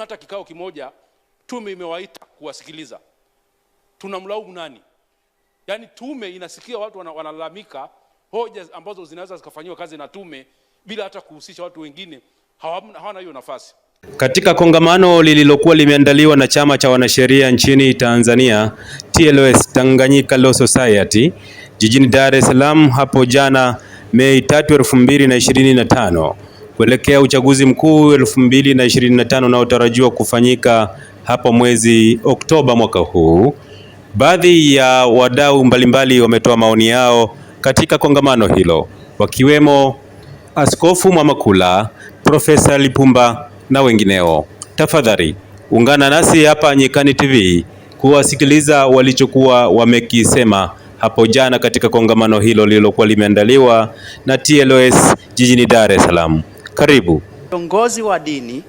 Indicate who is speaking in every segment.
Speaker 1: hakuna hata kikao kimoja tume imewaita kuwasikiliza. Tunamlaumu nani? Yaani tume inasikia watu wanalalamika, hoja ambazo zinaweza zikafanyiwa kazi na tume bila hata kuhusisha watu wengine, hawana hiyo nafasi.
Speaker 2: Katika kongamano lililokuwa limeandaliwa na chama cha wanasheria nchini Tanzania TLS, Tanganyika Law Society, jijini Dar es Salaam hapo jana Mei 3, 2025 kuelekea uchaguzi mkuu 2025 unaotarajiwa kufanyika hapo mwezi Oktoba mwaka huu. Baadhi ya wadau mbalimbali wametoa maoni yao katika kongamano hilo wakiwemo Askofu Mwamakula, Profesa Lipumba na wengineo. Tafadhali ungana nasi hapa Nyikani TV kuwasikiliza walichokuwa wamekisema hapo jana katika kongamano hilo lililokuwa limeandaliwa na TLS jijini Dar es Salaam. Karibu.
Speaker 3: Viongozi wa dini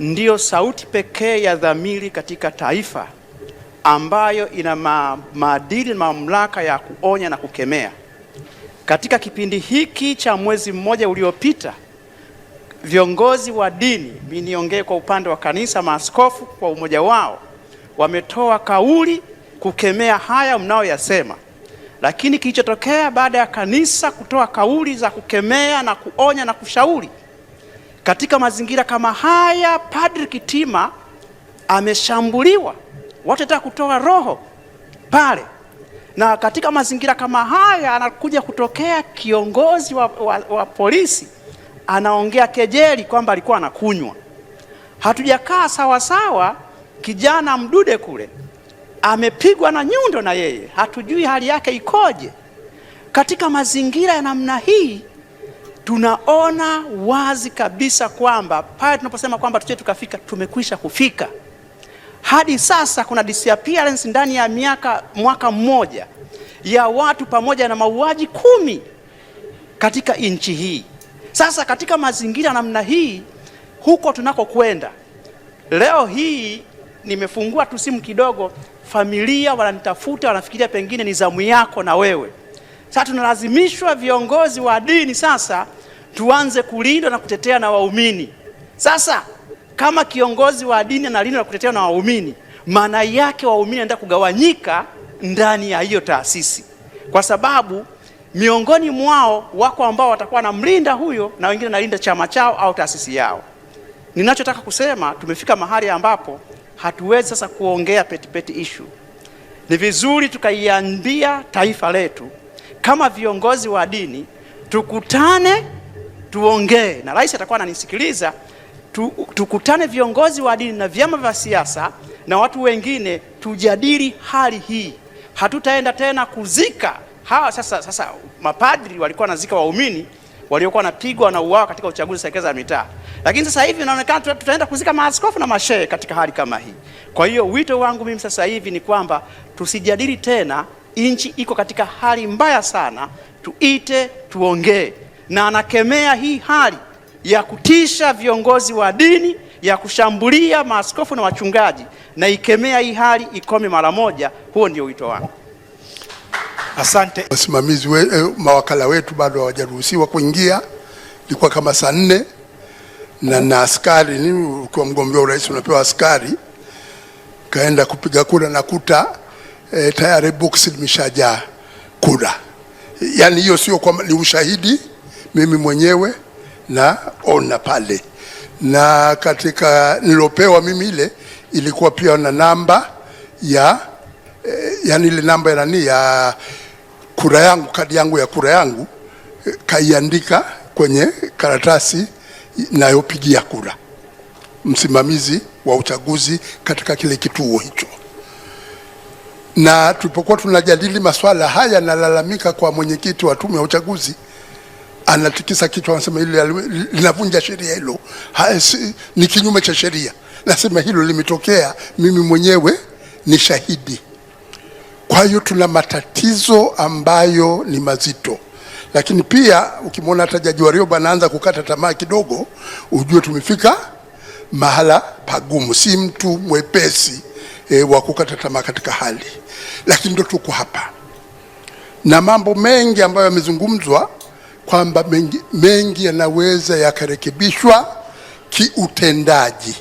Speaker 3: ndiyo sauti pekee ya dhamiri katika taifa ambayo ina ma maadili na mamlaka ya kuonya na kukemea. Katika kipindi hiki cha mwezi mmoja uliopita, viongozi wa dini, niongee kwa upande wa kanisa, maaskofu kwa umoja wao wametoa kauli kukemea haya mnayoyasema, lakini kilichotokea baada ya kanisa kutoa kauli za kukemea na kuonya na kushauri katika mazingira kama haya, Padri Kitima ameshambuliwa, watu wanataka kutoa roho pale, na katika mazingira kama haya anakuja kutokea kiongozi wa, wa, wa polisi anaongea kejeli kwamba alikuwa anakunywa. Hatujakaa sawa sawa, kijana Mdude kule amepigwa na nyundo na yeye, hatujui hali yake ikoje. Katika mazingira ya namna hii tunaona wazi kabisa kwamba pale tunaposema kwamba tuche tukafika, tumekwisha kufika. Hadi sasa kuna disappearance ndani ya miaka mwaka mmoja ya watu pamoja na mauaji kumi katika nchi hii. Sasa katika mazingira namna hii, huko tunakokwenda leo hii, nimefungua tu simu kidogo, familia wananitafuta, wanafikiria pengine ni zamu yako na wewe. Sasa tunalazimishwa viongozi wa dini sasa tuanze kulindwa na kutetea na waumini. Sasa kama kiongozi wa dini analindwa na kutetea na waumini, maana yake waumini anaenda kugawanyika ndani ya hiyo taasisi, kwa sababu miongoni mwao wako ambao watakuwa mlinda huyo na wengine nalinda chama chao au taasisi yao. Ninachotaka kusema tumefika mahali ambapo hatuwezi sasa kuongea petipeti issue. Ni vizuri tukaiambia taifa letu kama viongozi wa dini tukutane tuongee na rais atakuwa ananisikiliza tu, tukutane viongozi wa dini na vyama vya siasa na watu wengine tujadili hali hii. Hatutaenda tena kuzika hawa sasa. Sasa mapadri walikuwa wanazika waumini waliokuwa wanapigwa na uwao katika uchaguzi serikali za mitaa, lakini sasa hivi inaonekana tutaenda kuzika maaskofu na mashehe katika hali kama hii. Kwa hiyo wito wangu mimi sasa hivi ni kwamba tusijadili tena, nchi iko katika hali mbaya sana, tuite tuongee na anakemea hii hali ya kutisha viongozi wa dini ya kushambulia maaskofu na wachungaji, na ikemea hii hali ikome mara moja. Huo ndio wito wangu.
Speaker 4: Asante. Wasimamizi we, eh, mawakala wetu bado hawajaruhusiwa kuingia. Ilikuwa kama saa nne na na askari ni ukiwa mgombea urais unapewa askari, kaenda kupiga kura na kuta eh, tayari box limeshajaa kura. Yaani hiyo sio kwa ni ushahidi mimi mwenyewe naona pale, na katika nilopewa mimi ile ilikuwa pia na namba ya e, yani ile namba ya nani ya kura yangu, kadi yangu ya kura yangu eh, kaiandika kwenye karatasi nayopigia kura msimamizi wa uchaguzi katika kile kituo hicho. Na tulipokuwa tunajadili masuala haya, nalalamika kwa mwenyekiti wa tume ya uchaguzi anatikisa kichwa, anasema hilo linavunja sheria, hilo ni kinyume cha sheria. Nasema hilo limetokea, mimi mwenyewe ni shahidi. Kwa hiyo tuna matatizo ambayo ni mazito, lakini pia ukimwona hata Jaji Warioba anaanza kukata tamaa kidogo, ujue tumefika mahala pagumu. Si mtu mwepesi e, wa kukata tamaa katika hali, lakini ndo tuko hapa na mambo mengi ambayo yamezungumzwa kwamba mengi, mengi yanaweza yakarekebishwa kiutendaji,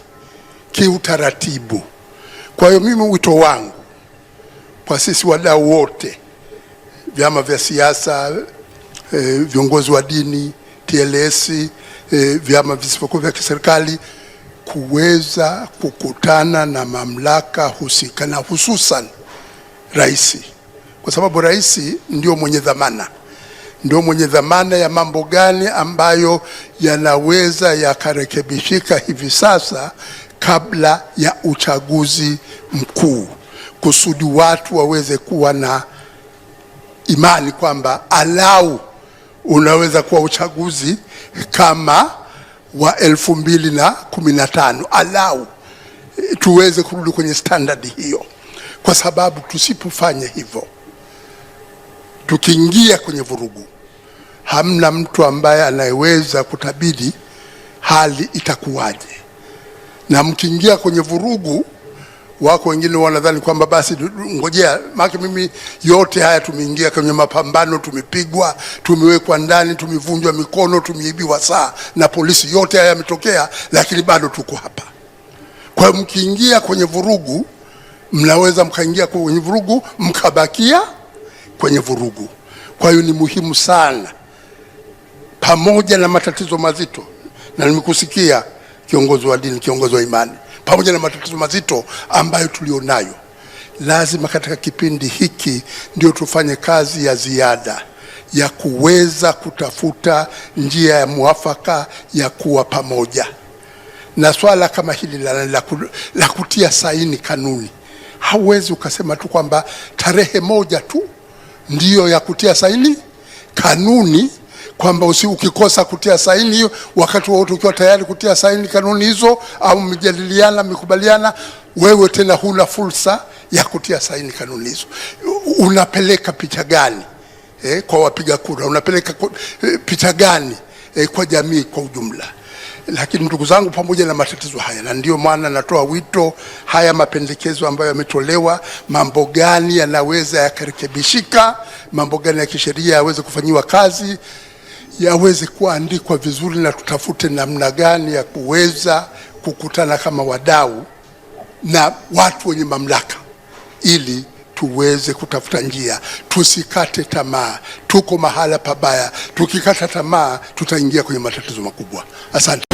Speaker 4: kiutaratibu. Kwa hiyo mimi wito wangu kwa sisi wadau wote, vyama vya siasa e, viongozi wa dini TLS, e, eh, vyama visivyokuwa vya kiserikali kuweza kukutana na mamlaka husika na hususan rais, kwa sababu rais ndio mwenye dhamana ndio mwenye dhamana ya mambo gani ambayo yanaweza yakarekebishika hivi sasa kabla ya uchaguzi mkuu, kusudi watu waweze kuwa na imani kwamba alau unaweza kuwa uchaguzi kama wa elfu mbili na kumi na tano, alau eh, tuweze kurudi kwenye standadi hiyo, kwa sababu tusipofanya hivyo tukiingia kwenye vurugu hamna mtu ambaye anayeweza kutabiri hali itakuwaje, na mkiingia kwenye vurugu wako wengine wanadhani kwamba basi ngojea, make mimi yote haya tumeingia kwenye mapambano, tumepigwa, tumewekwa ndani, tumevunjwa mikono, tumeibiwa saa na polisi, yote haya yametokea, lakini bado tuko hapa. Kwa hiyo mkiingia kwenye vurugu, mnaweza mkaingia kwenye vurugu mkabakia kwenye vurugu. Kwa hiyo ni muhimu sana pamoja na matatizo mazito, na nimekusikia kiongozi wa dini, kiongozi wa imani, pamoja na matatizo mazito ambayo tulionayo, lazima katika kipindi hiki ndio tufanye kazi ya ziada ya kuweza kutafuta njia ya mwafaka ya kuwa pamoja, na swala kama hili la, la, la kutia saini kanuni, hauwezi ukasema tu kwamba tarehe moja tu ndiyo ya kutia saini kanuni kwamba usi ukikosa kutia saini hiyo, wakati wote ukiwa tayari kutia saini kanuni hizo au mjadiliana mikubaliana, wewe tena huna fursa ya kutia saini kanuni hizo. Unapeleka picha gani eh, kwa wapiga kura? Unapeleka eh, picha gani eh, kwa jamii kwa ujumla? Lakini ndugu zangu, pamoja na matatizo haya, na ndio maana natoa wito, haya mapendekezo ambayo yametolewa, mambo gani yanaweza yakarekebishika, mambo gani ya kisheria yaweze kufanyiwa kazi yaweze kuandikwa vizuri na tutafute namna gani ya kuweza kukutana kama wadau na watu wenye mamlaka ili tuweze kutafuta njia, tusikate tamaa. Tuko mahala pabaya, tukikata tamaa tutaingia kwenye matatizo makubwa. Asante.